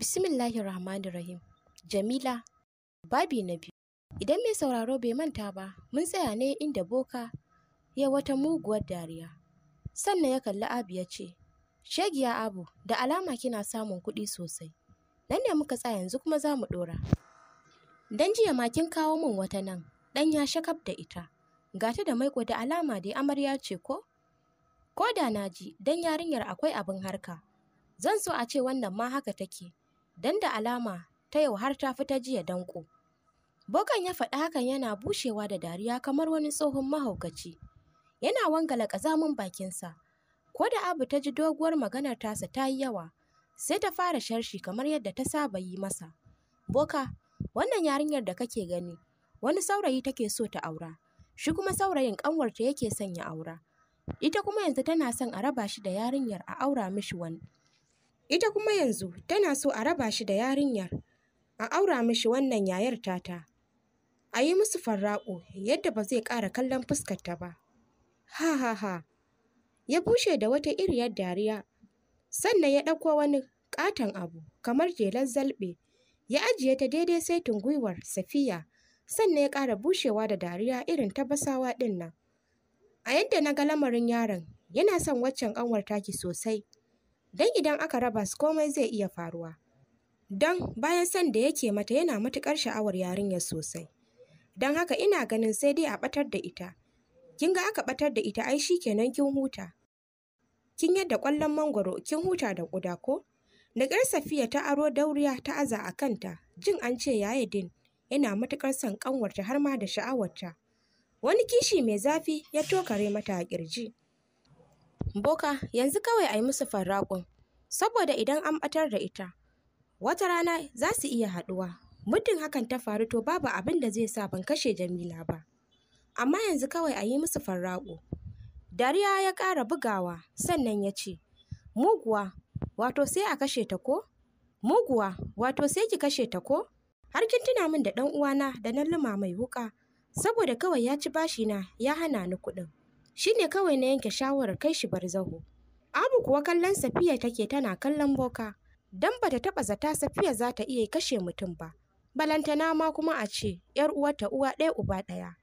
Bismillahir Rahmanir Rahim. Jamila, babi na biyu. Idan mai sauraro bai manta ba, mun tsaya ne inda boka ya wata muguwar dariya. Sannan ya kalli Abu ya ce, Shegiya Abu, da alama kina samun kuɗi sosai. Nan ne muka tsaya yanzu kuma za mu ɗora. Dan jiya makin kawo min wata nan, ɗan ya shakaf da ita. Gata da maiko da alama dai amarya ce ko? Ko da na ji, dan yarinyar akwai abin harka. Zan so a ce wannan ma haka take, don da alama ta yau har ta fita jiya danko. Bokan ya faɗa hakan yana bushewa da dariya kamar wani tsohon mahaukaci. Yana wangala ƙazamin bakinsa. Ko da Abu ta ji doguwar maganar tasa ta yi yawa, sai ta fara sharshi kamar yadda ta saba yi masa. Boka, wannan yarinyar da kake gani, wani saurayi take so ta aura, shi kuma saurayin ƙanwarta yake son ya aura. Ita kuma yanzu tana son a raba shi da yarinyar a aura mishi wani. Ita kuma yanzu tana so a raba shi da yarinyar, a aura mishi wannan yayar tata. A yi musu farraƙo yadda ba zai ƙara kallon fuskarta ba. Ha ha ha! Ya bushe da wata iriyar dariya, sannan ya ɗauko wani ƙaton abu kamar jelar zalɓe, ya ajiye ta daidai saitin gwiwar safiya, sannan ya ƙara bushewa da dariya irin ta basawa ɗin nan. A yadda na ga lamarin yaron, yana son waccan ƙanwar taki sosai. Dan idan aka raba su komai zai iya faruwa. Don bayan son da yake mata yana matuƙar sha'awar yarinya sosai. Don haka ina ganin sai dai a ɓatar da ita. Kin ga aka ɓatar da ita ai shi kenan kin huta. Kin yadda ƙwallon mangwaro kin huta da ƙuda ko? Da Safiya ta aro dauriya ta aza a kanta, jin an ce yaya din yana matuƙar son ƙanwarta har ma da sha'awarta. Wani kishi mai zafi ya tokare mata a ƙirji. Boka yanzu kawai a yi musu farraƙon, saboda idan an ɓatar da ita, wata rana za su iya haɗuwa. Muddin hakan ta faru to babu abin da zai sa ban kashe Jamila ba. Amma yanzu kawai a yi musu farraƙo. Dariya ya ƙara bugawa, sannan ya ce, Muguwa, wato sai a kashe ta ko? Muguwa, wato sai ki kashe ta ko? Har kin tuna min da ɗan uwana da na luma mai wuƙa, saboda kawai ya ci bashina ya hana ni kuɗin. shi ne kawai na yanke shawarar kai shi barzaho. Abu kuwa kallon Safiya take tana kallon boka, don bata taɓa zata Safiya za ta iya kashe mutum ba. Balantana ma kuma a ce, ‘yar uwarta uwa ɗaya uba ɗaya.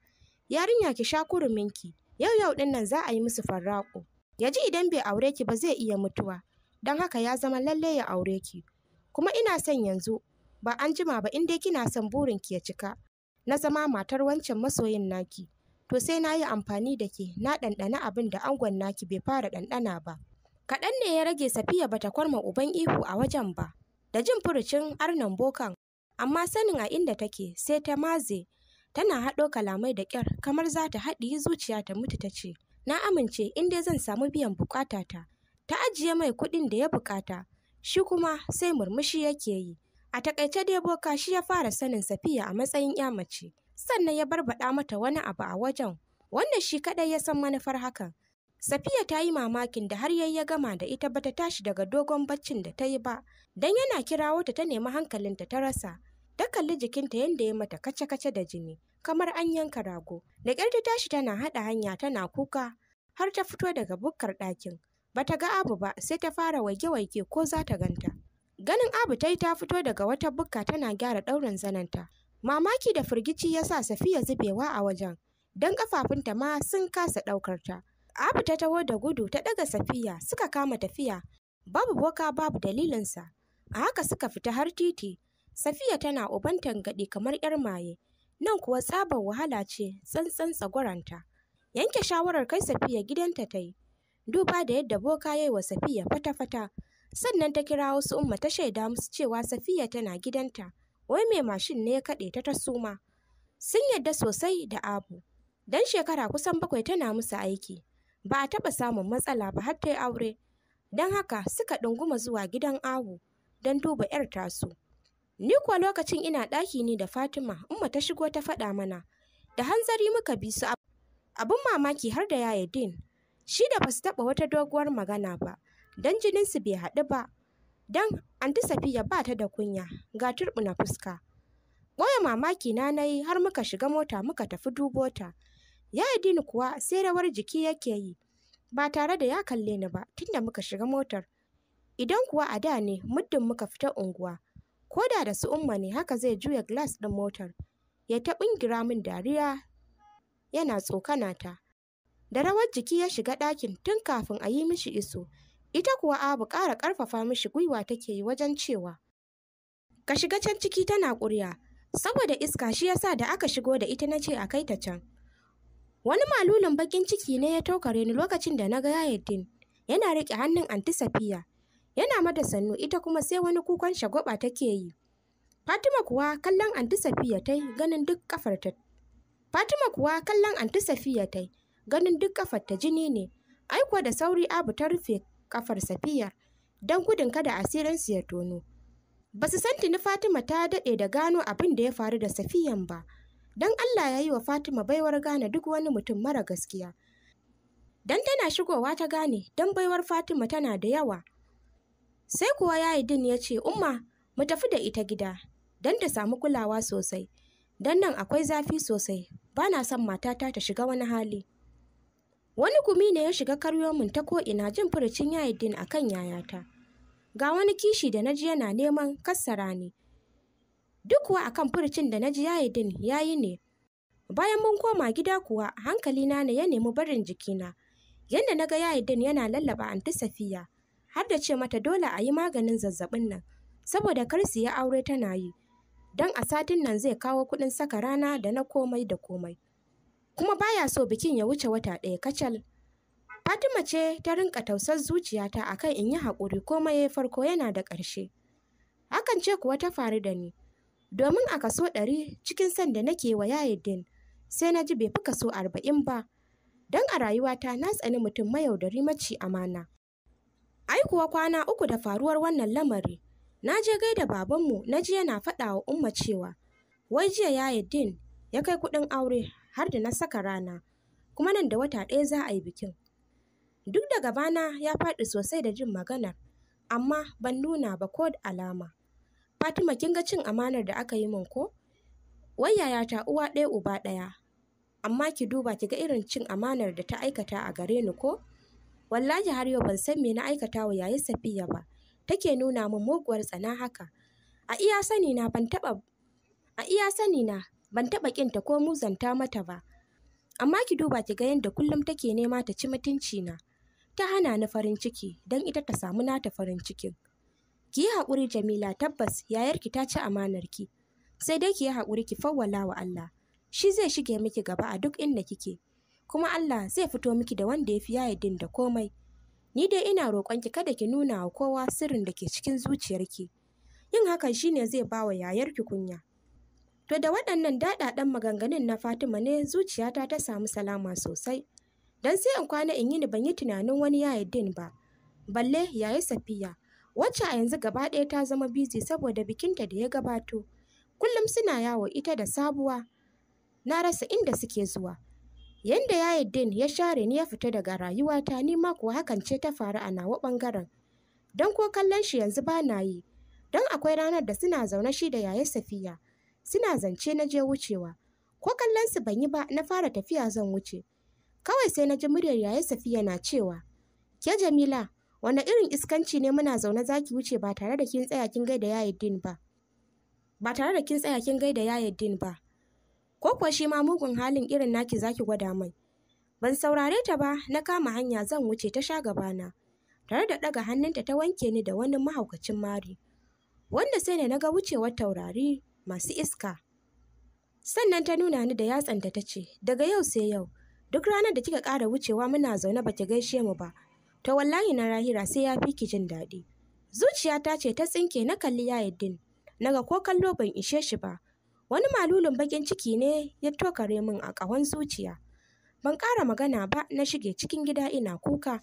Yarinya ki sha kuruminki, yau yau ɗin nan za a yi musu farraƙo. Ya ji idan bai aure ki ba zai iya mutuwa, don haka ya zama lalle ya aure ki. Kuma ina son yanzu, ba an jima ba in dai kina son burinki ya cika, na zama matar wancan masoyin naki. to sai na yi amfani da ke na ɗanɗana abin da angon naki bai fara ɗanɗana ba. Kaɗan ne ya rage safiya bata kwarma uban ihu a wajen ba, da jin furucin arnan bokan, amma sanin a inda take sai ta maze, tana haɗo kalamai da ƙyar kamar za ta haɗiyi zuciya ta mutu ta ce, na amince in dai zan samu biyan buƙatata. Ta Ta ajiye mai kuɗin da ya buƙata, shi kuma sai murmushi yake yi. A taƙaice dai boka shi ya fara sanin Safiya a matsayin 'ya mace. sannan ya barbaɗa mata wani abu a wajen, wanda shi kaɗai ya san manufar hakan. Safiya ta yi mamakin da har yayi ya gama da ita bata tashi daga dogon baccin da ta yi ba, don yana kirawo ta ta nemi hankalinta ta rasa. Ta kalli jikinta yadda ya mata kace-kace da jini, kamar an yanka rago. Da ƙyar ta tashi tana haɗa hanya tana kuka, har ta fito daga bukkar ɗakin. Bata ga Abu ba sai ta fara waike-waike ko za ta ganta. Ganin Abu ta yi ta fito daga wata bukka tana gyara ɗaurin zananta. Mamaki da firgici ya sa Safiya zubewa a wajen, don ƙafafunta ma sun kasa ɗaukar ta. Abu ta taho da gudu ta ɗaga Safiya suka kama tafiya, babu boka babu dalilinsa. A haka suka fita har titi, Safiya tana uban tangaɗi kamar 'yar maye, nan kuwa tsabar wahala ce tsantsan tsagoranta. Yanke shawarar kai Safiya gidanta ta yi, duba da yadda boka ya yi wa Safiya fata-fata, sannan ta kira wasu umma ta shaida musu cewa Safiya tana gidanta. wai mai mashin ne ya kaɗe ta ta suma. Sun yadda sosai da Abu, don shekara kusan bakwai tana musu aiki, ba a taɓa samun matsala ba har ta yi aure. Don haka suka ɗunguma zuwa gidan Abu don duba 'yar tasu. Ni kuwa lokacin ina ɗaki ne da Fatima, Umma ta shigo ta faɗa mana. Da hanzari muka bi su abin mamaki har da yaya din. Shi da ba su taɓa wata doguwar magana ba, don jininsu bai haɗu ba, don anti safiya ba ta da kunya ga turɓuna fuska ɓoye mamaki na nayi har muka shiga mota muka tafi dubo ta dini kuwa sai rawar jiki yake yi ba tare da ya kalle ni ba tunda muka shiga motar idan kuwa a da ne muddin muka fita unguwa ko da da su umma ne haka zai juya glass ɗin motar ya ta ɓingira min dariya yana tsokana ta da rawar jiki ya shiga ɗakin tun kafin a yi mishi iso Ita kuwa Abu ƙara ƙarfafa mishi gwiwa take yi wajen cewa, Ka shiga can ciki tana ƙurya, saboda iska shi yasa da aka shigo da ita na ce a kai ta can. Wani malulin bakin ciki ne ya tokare ni lokacin da na ga Yayeddin yana riƙe hannun Anti Safiya. Yana mata sannu ita kuma sai wani kukan shagwaba take yi. Fatima kuwa kallon Anti Safiya tai ganin duk kafar ta. Fatima kuwa kallon Anti Safiya tai ganin duk kafar ta jini ne. aikuwa da sauri Abu ta rufe kafar safiya, don gudun kada asirinsu ya tono ba su san tuni fatima ta daɗe da gano abin da ya faru da safiyan ba don allah ya yi wa fatima baiwar gane duk wani mutum mara gaskiya don tana shigowa ta gane don baiwar fatima tana da yawa sai kuwa ya yi din ya ce umma mu tafi da ita gida don ta samu kulawa sosai don nan akwai zafi sosai ba na son matata ta shiga wani hali wani gumi ne ya shiga karyomin ta ko'ina jin furucin din a kan yayata ga wani kishi da na ji yana neman kassara ne. duk kuwa akan furucin da na ji naji ya yayi ne bayan mun koma gida kuwa hankalina ne ya nemi barin jikina yadda na ga din yana lallaba anti safiya har da ce mata dole a yi maganin zazzabin nan saboda kar su yi aure tana yi don a satin nan zai kawo kuɗin saka rana da na komai da komai kuma baya so bikin ya wuce wata ɗaya kacal. Fatima ce ta rinka tausar zuciyata a akan in yi haƙuri komai ya farko yana da ƙarshe. Hakan ce kuwa ta faru da ni. Domin a kaso ɗari cikin sanda da nake wa din, sai na ji bai fi kaso arba'in ba. Don a rayuwata na tsani mutum mayaudari maci amana. Ai kuwa kwana uku da faruwar wannan lamari, na je gaida babanmu na ji yana faɗawa wa Umma cewa, wai jiya din, ya kai kuɗin aure har da na saka rana kuma nan da wata ɗaya za a yi bikin duk da gabana ya faɗi sosai da jin maganar amma ban nuna ba ko da alama fatima kin ga cin amanar da aka yi min ko wai ta uwa ɗaya uba ɗaya amma ki duba ki ga irin cin amanar da ta aikata a gare ni ko wallahi har yau ban san me na aikata wa yayi safiya ba take nuna min muguwar tsana haka a iya sani na ban taɓa a iya sani na ban taɓa ƙinta ko muzanta mata ba amma ki duba ki ga yadda kullum take nema ta ci mutunci na ta hana ni farin ciki don ita ta samu nata farin cikin ki yi haƙuri jamila tabbas yayarki ta ci amanarki sai dai ki yi haƙuri ki fawwala wa Allah shi zai shige miki gaba a duk inda kike kuma Allah zai fito miki da wanda ya fi yaye din da komai ni dai ina roƙonki kada ki nuna wa kowa sirrin da ke cikin zuciyarki yin hakan shine zai ba wa yayarki kunya To da waɗannan daɗaɗen maganganun na Fatima ne zuciyata ta samu salama sosai. Don sai in kwana in yi ni ban yi tunanin wani yayi din ba. Balle yayi Safiya, wacce a yanzu gaba ɗaya ta zama bizi saboda bikinta da ya gabato. Kullum suna yawo ita da sabuwa. Na rasa inda suke zuwa. Yanda yayi din ya share ni ya fita daga rayuwata ni ma kuwa hakan ce ta faru a nawa ɓangaren. Don ko kallon shi yanzu ba na yi. Don akwai ranar da suna zaune shi da yi Safiya. suna zance na je wucewa. Ko kallon su ban yi ba na fara tafiya zan wuce. Kawai sai na ji muryar yayi Safiya na cewa, Ke Jamila, wani irin iskanci ne muna zaune za ki wuce ba tare da kin tsaya kin gaida Yayeddin ba. Ba tare da kin tsaya kin gaida Yayeddin ba. Ko kuwa shi ma mugun halin irin naki za ki gwada mai. Ban saurare ta ba na kama hanya zan wuce ta sha gabana. Tare da ɗaga hannunta ta wanke ni da wani mahaukacin mari. Wanda sai ne na ga wucewar taurari masu iska sannan ta nuna ni da yatsanta ta ce daga yau sai yau duk ranar da kika ƙara wucewa muna zaune baki gaishe mu ba Ta wallahi na rahira sai ya fi ki jin daɗi Zuciya ta ce ta tsinke na kalli na naga ko kallo ban ishe shi ba wani malulun bakin ciki ne ya tokare min a ƙahon zuciya ban ƙara magana ba na shige cikin gida ina kuka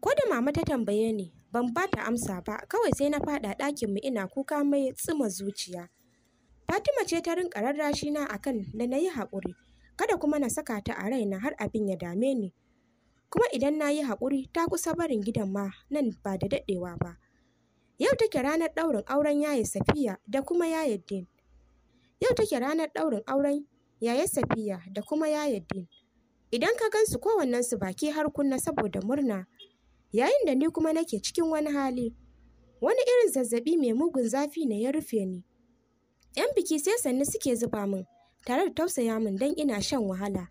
ko da mama ta tambaye ni ban ba ta amsa ba kawai sai na faɗa ɗakin mu ina kuka mai tsima zuciya Fatima ce ta rinƙa rarrashi na akan da na yi haƙuri, kada kuma na saka ta a raina har abin ya dame ni. Kuma idan na yi haƙuri ta kusa barin gidan ma nan ba da daɗewa ba. Yau take ranar ɗaurin auren yaye Safiya da kuma yaye Din. Yau take ranar ɗaurin auren yaye Safiya da kuma yaye Din. Idan ka gansu su baki har kunna saboda murna, yayin da ni kuma nake cikin wani hali, wani irin zazzaɓi mai mugun zafi ne ya rufe ni. 'Yan biki sai sannu suke zuba min, tare da tausaya min don ina shan wahala.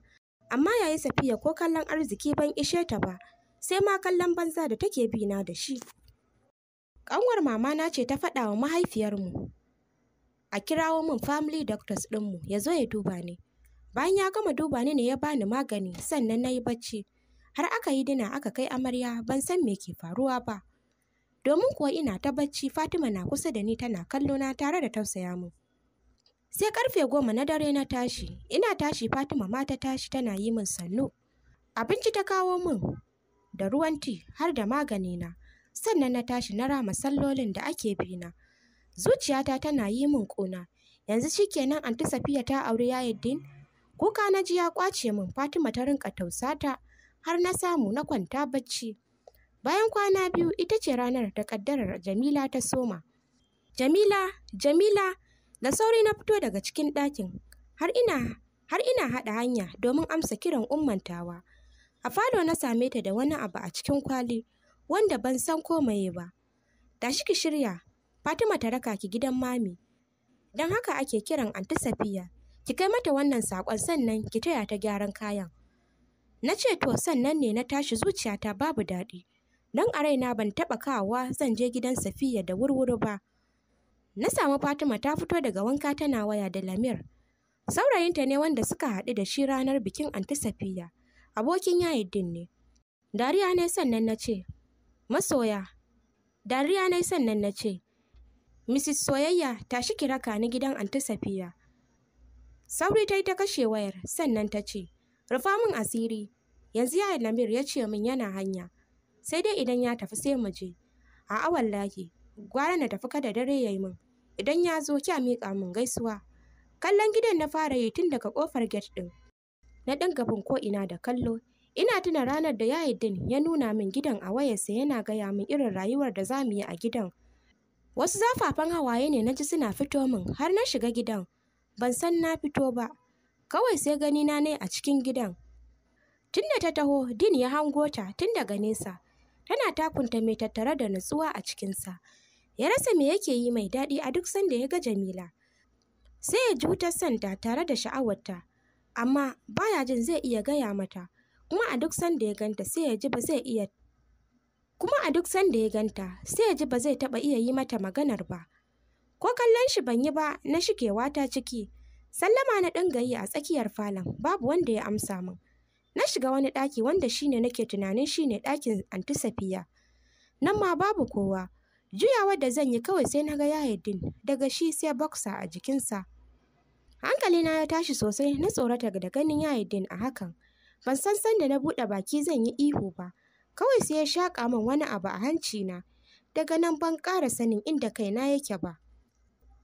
Amma yayi Safiya ko kallon arziki ban ishe ta ba, sai ma kallon banza da take bi na da shi. Ƙanwar mamana ce ta faɗa wa mahaifiyarmu. A kirawo min family doctors ɗinmu ya zo ya duba ni. Bayan ya gama duba ni ne ya bani magani sannan na yi bacci. Har aka yi dina aka kai amarya ban san me ke faruwa ba. Domin kuwa ina ta bacci Fatima na kusa da ni tana kallona tare da tausaya min. Sai karfe goma na dare na tashi, ina tashi Fatima ma ta tashi tana yi min sannu. Abinci ta kawo min da ruwan ti har da magani na. Sannan na tashi na rama sallolin da ake na. Zuciyata tana yi min ƙuna. Yanzu shikenan Anti Safiya ta auri din. Kuka na ji ya kwace min Fatima ta rinka tausata har na samu na kwanta bacci. Bayan kwana biyu ita ce ranar da ƙaddarar Jamila ta soma. Jamila, Jamila, Da sauri na fito daga cikin ɗakin, har ina har ina haɗa hanya domin amsa kiran ummantawa. A falo na same ta da wani abu a cikin kwali wanda ban san ko maye ba. Tashi ki shirya, Fatima ta raka ki gidan mami. Don haka ake kiran Anti Safiya. Ki kai mata wannan sakon sannan ki taya ta gyaran kayan. Na ce to sannan ne na tashi zuciyata babu daɗi. Don a raina ban taɓa kawowa zan je gidan Safiya da wurwuru ba. Na samu Fatima ta fito daga wanka tana waya da Lamir. Saurayinta ne wanda suka haɗu da shi ranar bikin Antisafiya, Safiya, abokin din ne. Dariya ne sannan na ce, Masoya, dariya ne sannan na ce, Mrs. Soyayya tashi kira ka ni gidan antisafiya Sauri ta yi ta kashe wayar, sannan ta ce, Rufa min asiri, yanzu ya Lamir ya ce min yana hanya, sai dai idan ya tafi sai mu je. A'a wallaki, gwara na tafi kada dare ya yi min. idan ya zo kya miƙa min gaisuwa kallon gidan na fara yi tun daga kofar gate ɗin na dinga bin ko ina da kallo ina tuna ranar da din ya nuna min gidan a wayarsa yana gaya min irin rayuwar da za mu yi a gidan wasu zafafan hawaye ne na ji suna fito min har na shiga gidan ban san na fito ba kawai sai gani na ne a cikin gidan tunda ta taho din ya hango ta tun daga nesa tana takunta mai tattare da nutsuwa a cikinsa Ya rasa me yake yi mai daɗi a duk sanda ya ga Jamila. Sai ya ji wutar santa tare da sha'awarta, amma baya jin zai iya gaya mata, kuma a duk sanda ya ganta sai ya ji ba zai iya kuma a duk sanda ya ganta sai ya ji ba zai taɓa iya yi mata maganar ba. Ko kallon shi ban yi ba na shigewa ta ciki, sallama na ɗin gayi a tsakiyar falon babu wanda ya amsa min. Na shiga wani ɗaki wanda shine nake tunanin shine ɗakin antisafiya. Nan ma babu kowa, Juyawar da zan yi kawai sai na ga din daga shi sai boxer a jikinsa. Hankalina ya tashi sosai na tsorata da ganin Yahiddin a hakan. Ban san sanda na buɗe baki zan yi ihu ba. Kawai sai ya shaƙa min wani abu a hanci na. Daga nan ban ƙara sanin inda kaina yake ba.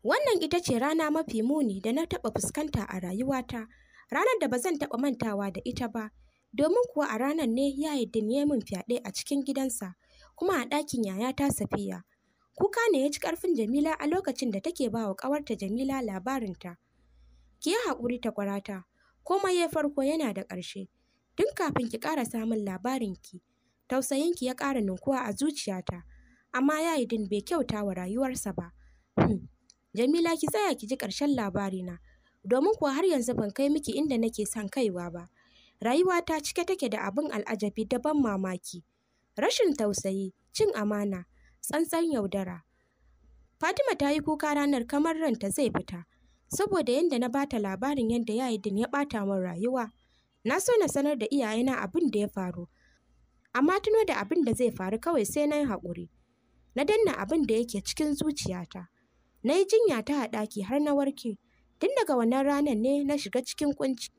Wannan ita ce rana mafi muni da na taɓa fuskanta a rayuwata. Ranar da ba zan taɓa mantawa da ita ba. Domin kuwa a ranar ne Yahiddin ya yi min fyaɗe a cikin gidansa. Kuma a ɗakin yayata Safiya. Kuka ne ya ci ƙarfin Jamila a lokacin da take ba wa ƙawarta Jamila labarinta. Ki yi haƙuri ta kwarata komai ya farko yana da ƙarshe. Tun kafin ki ƙara samun labarinki, tausayinki ya ƙara ninkuwa a zuciyata, amma ya yi din bai kyauta wa rayuwarsa ba. Hmm. Jamila ki tsaya ki ji ƙarshen labarina, domin kuwa har yanzu ban kai miki inda nake son kaiwa ba. rayuwa ta cike take da abin al'ajabi da ban mamaki. Rashin tausayi, cin amana, tsantsan yaudara. Fatima ta yi kuka ranar kamar ranta zai fita, saboda yadda na bata labarin yadda ya yi ya bata min rayuwa. Na so na sanar da iyayena abin da ya faru, amma tuno da abin da zai faru kawai sai na yi haƙuri. Na danna abin da yake cikin zuciyata. Na yi jinya ta haɗaki har na warke. Tun daga wannan ranar ne na shiga cikin kunci.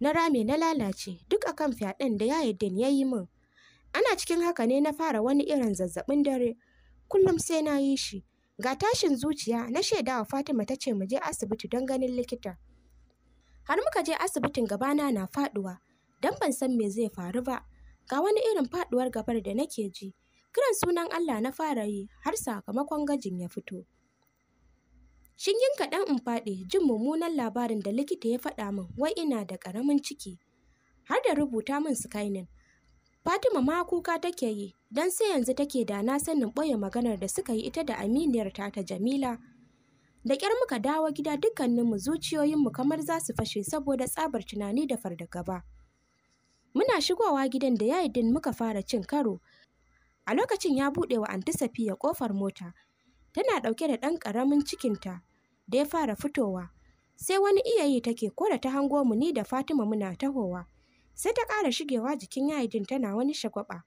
Na rame na lalace duk akan fyaɗen da ya yi ya yi min. Ana cikin haka ne na fara wani irin zazzaɓin dare. kullum sai na yi shi ga tashin zuciya na shaidawa Fatima ta ce mu je asibiti don ganin likita har muka je asibitin gabana na faduwa don ban san me zai faru ba ga wani irin faduwar gabar da nake ji kiran sunan Allah na fara yi har sakamakon gajin ya fito shingen kaɗan in faɗi jin mummunan labarin da likita ya faɗa min wai ina da ƙaramin ciki har da rubuta min skynin Fatima ma kuka take yi, don sai yanzu take da na sanin ɓoye maganar da suka yi ita da aminiyar ta ta Jamila. Da ƙyar muka dawo gida dukkaninmu zuciyoyinmu kamar za su fashe saboda tsabar tunani da gaba. Muna shigowa gidan da din muka fara cin karo. A lokacin ya buɗe wa Anti Safiya ƙofar mota. Tana ɗauke da ɗan ƙaramin cikinta da ya fara fitowa. Sai wani iyayi take ko da ta hango mu ni da Fatima muna tahowa. sai ta ƙara shigewa jikin yayidin tana wani shagwaba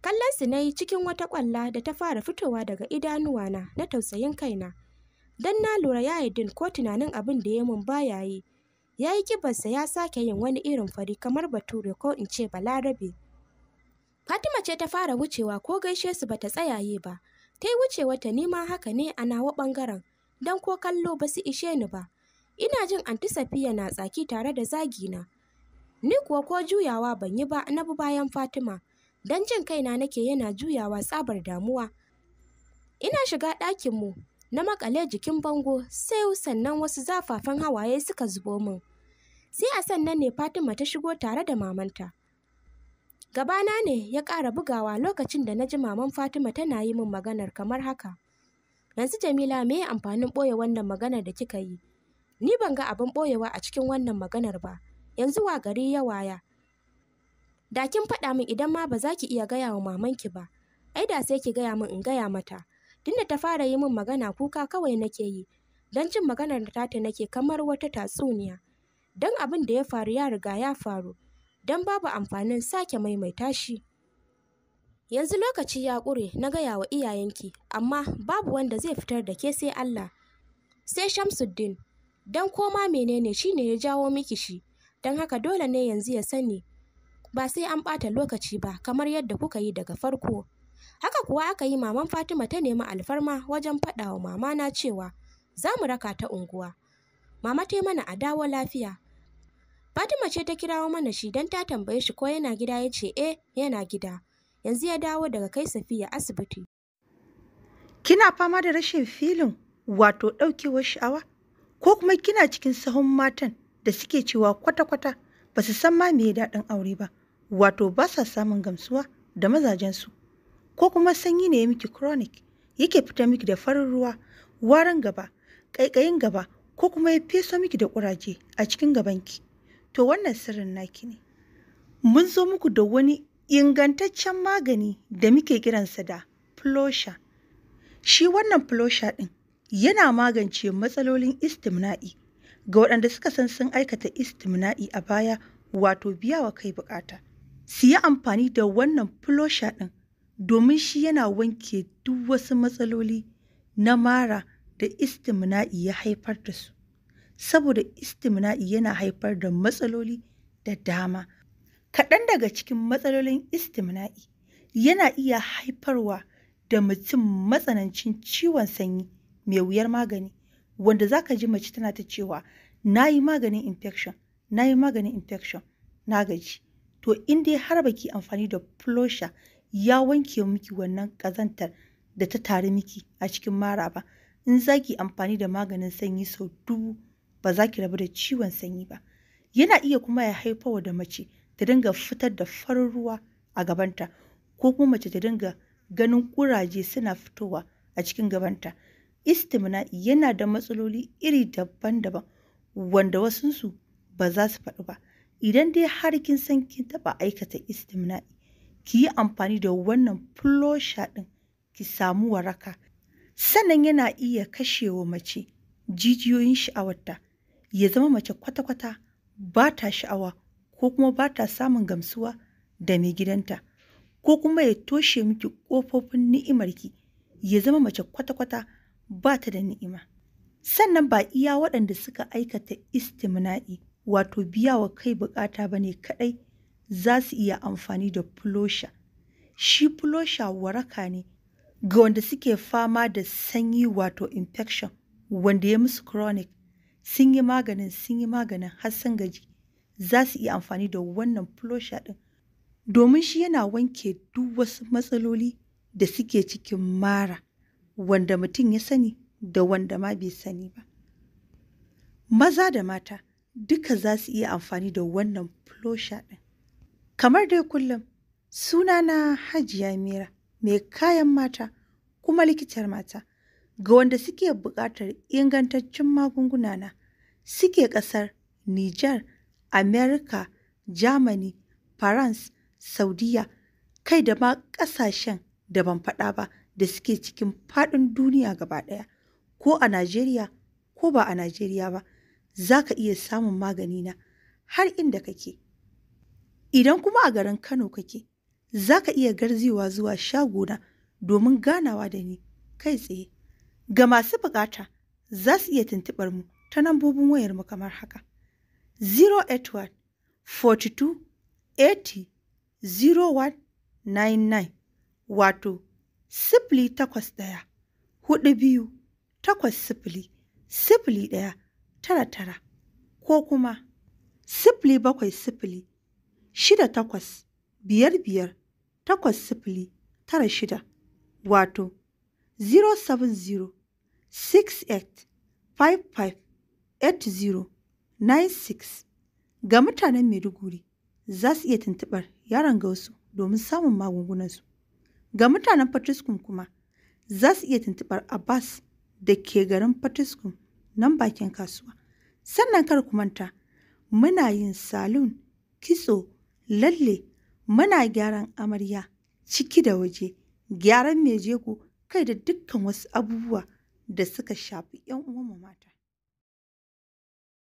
kallon su nayi cikin wata ƙwalla da ta fara fitowa daga idanuwana na tausayin kaina don na lura yayidin ko tunanin abin da ya mun baya yi ya yi kibarsa ya sake yin wani irin fari kamar bature ko in ce balarabe fatima ce ta fara wucewa ko gaishe su bata tsayaye ba ta yi wucewa ta nima haka ne a nawa ɓangaren don ko kallo ba su ishe ni ba ina jin antisafiya safiya na tsaki tare da zagina Ni kuwa ko juyawa ban yi ba na bi bayan Fatima, don jin kaina nake yana juyawa tsabar damuwa. Ina shiga ɗakinmu, na makale jikin bango sai sannan wasu zafafan hawaye suka zubo min. Sai a sannan ne Fatima ta shigo tare da mamanta. Gabana ne ya ƙara bugawa lokacin da na ji maman Fatima tana yi min maganar kamar haka. Yanzu Jamila me amfanin ɓoye wannan maganar da kika yi? Ni ban ga abin ɓoyewa a cikin wannan maganar ba. yanzu wa gari ya waya da kin faɗa min idan ma ba za ki iya gaya wa mamanki ba ai da sai ki gaya min in gaya mata tunda ta fara yi min magana kuka kawai nake yi don cin maganar da tata nake kamar wata tatsuniya don abin da ya faru ya riga ya faru don babu amfanin sake maimaita shi yanzu lokaci ya ƙure na gaya wa iyayenki amma babu wanda zai fitar da ke sai Allah sai Shamsuddin don koma menene shi ne ya jawo miki shi don haka dole ne yanzu ya sani ba sai an ɓata lokaci ba kamar yadda kuka yi daga farko haka kuwa aka yi maman fatima ta nemi alfarma wajen faɗa wa na cewa za mu raka ta unguwa mama ta mana a dawo lafiya fatima ce ta kirawo mana shi don ta tambaye shi ko yana gida ya ce eh yana gida yanzu ya dawo daga kai safiya asibiti kina fama da rashin filin wato ɗaukewar sha'awa ko kuma kina cikin sahun matan da suke cewa kwata-kwata ba su san ma meye daɗin aure ba wato ba sa samun gamsuwa da mazajensu ko kuma sanyi ne ya miki chronic yake fita miki da farin ruwa warin gaba ƙaiƙayin gaba ko kuma ya feso miki da ƙuraje a cikin gabanki to wannan sirrin naki ne mun zo muku da wani ingantaccen magani da muke kiransa da flosha shi wannan flosha ɗin yana magance matsalolin istimna'i ga waɗanda suka san sun aikata istimna'i a baya wato biya wa kai bukata. Su yi amfani da wannan fulosha ɗin domin shi yana wanke duk wasu matsaloli na mara da istimna'i ya haifar da su. Saboda istimna'i yana haifar da matsaloli da dama. Kaɗan daga cikin matsalolin istimna'i yana iya haifarwa da mutum matsanancin ciwon sanyi mai wuyar magani. wanda za ka ji mace tana ta cewa na yi maganin infection na yi maganin infection na gaji to in dai har baki amfani da flosha ya wanke miki wannan ƙazantar da ta tare miki a cikin mara ba in za ki amfani da maganin sanyi sau dubu ba za ki rabu da ciwon sanyi ba yana iya kuma ya haifawa da mace ta dinga fitar da farin ruwa a gabanta ko kuma mace ta dinga ganin ƙuraje suna fitowa a cikin gabanta istimna'i yana da matsaloli iri daban-daban wanda wasunsu ba za su faɗi ba idan dai har kin san kin taɓa aikata istimna'i ki yi amfani da wannan flosha ɗin ki samu waraka sannan yana iya kashewa mace jijiyoyin sha'awarta ya zama mace kwata-kwata ba ta sha'awa ko kuma ba ta samun gamsuwa da mai gidanta ko kuma ya toshe miki ƙofofin ni'imarki ya zama mace kwata-kwata ba ta da ni'ima. Sannan ba iya waɗanda suka aikata istimna'i wato biya wa kai bukata ba ne kaɗai za su iya amfani da fulosha. Shi fulosha waraka ne ga wanda suke fama da sanyi wato infection wanda ya musu chronic sun yi maganin sun yi maganin har gaji za su iya amfani da wannan fulosha ɗin domin shi yana wanke duk wasu matsaloli da suke cikin mara. wanda mutum ya sani da wanda ma bai sani ba. Maza da mata duka za su iya amfani da wannan plosha ɗin. Kamar dai kullum, suna na Hajiya Mira, mai kayan mata kuma likitar mata, ga wanda suke buƙatar ingantaccen magunguna na suke ƙasar Nijar, Amerika, Germany, France, Saudiya, kai da ma ƙasashen da ban faɗa ba da suke cikin faɗin duniya gaba ɗaya ko a Najeriya ko ba a Najeriya ba za ka iya samun magani na har inda kake. Idan kuma a garin Kano kake za ka iya garzewa zuwa shagona domin ganawa da ni kai tsaye. Ga masu bukata za su iya tuntuɓar mu ta nambobin wayar mu kamar haka. 081 42 80 0199 wato sifili takwas ɗaya huɗu biyu takwas sifili sifili ɗaya tara tara ko kuma sifili bakwai sifili shida takwas biyar biyar takwas sifili tara shida wato 070 68 55 80 96 ga mutanen Maiduguri za su iya tuntuɓar yaron Gausu domin samun magungunansu. Ga mutanen Fataskun kuma, za su iya tuntuɓar Abbas da ke garin Fataskun nan bakin kasuwa. Sannan kar ku manta, muna yin salon, kitso, lalle, muna gyaran amarya, ciki da waje, gyaran mai jego, kai da dukkan wasu abubuwa da suka shafi 'yan uwanmu mata.